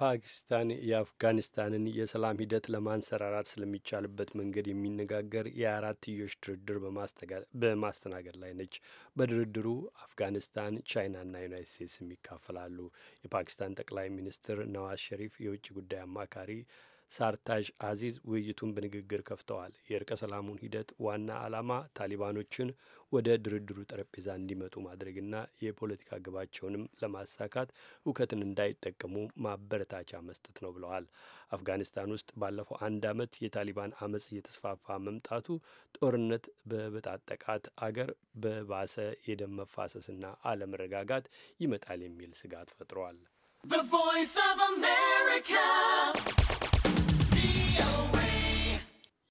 ፓኪስታን የአፍጋኒስታንን የሰላም ሂደት ለማንሰራራት ስለሚቻልበት መንገድ የሚነጋገር የአራትዮሽ ድርድር በማስተናገድ ላይ ነች። በድርድሩ አፍጋኒስታን፣ ቻይናና ዩናይት ስቴትስም ይካፈላሉ። የፓኪስታን ጠቅላይ ሚኒስትር ነዋዝ ሸሪፍ የውጭ ጉዳይ አማካሪ ሳርታዥ አዚዝ ውይይቱን በንግግር ከፍተዋል። የእርቀ ሰላሙን ሂደት ዋና ዓላማ ታሊባኖችን ወደ ድርድሩ ጠረጴዛ እንዲመጡ ማድረግና የፖለቲካ ግባቸውንም ለማሳካት እውከትን እንዳይጠቀሙ ማበረታቻ መስጠት ነው ብለዋል። አፍጋኒስታን ውስጥ ባለፈው አንድ ዓመት የታሊባን አመፅ እየተስፋፋ መምጣቱ ጦርነት በበጣጠቃት አገር በባሰ የደም መፋሰስና አለመረጋጋት ይመጣል የሚል ስጋት ፈጥሯል። The Voice of America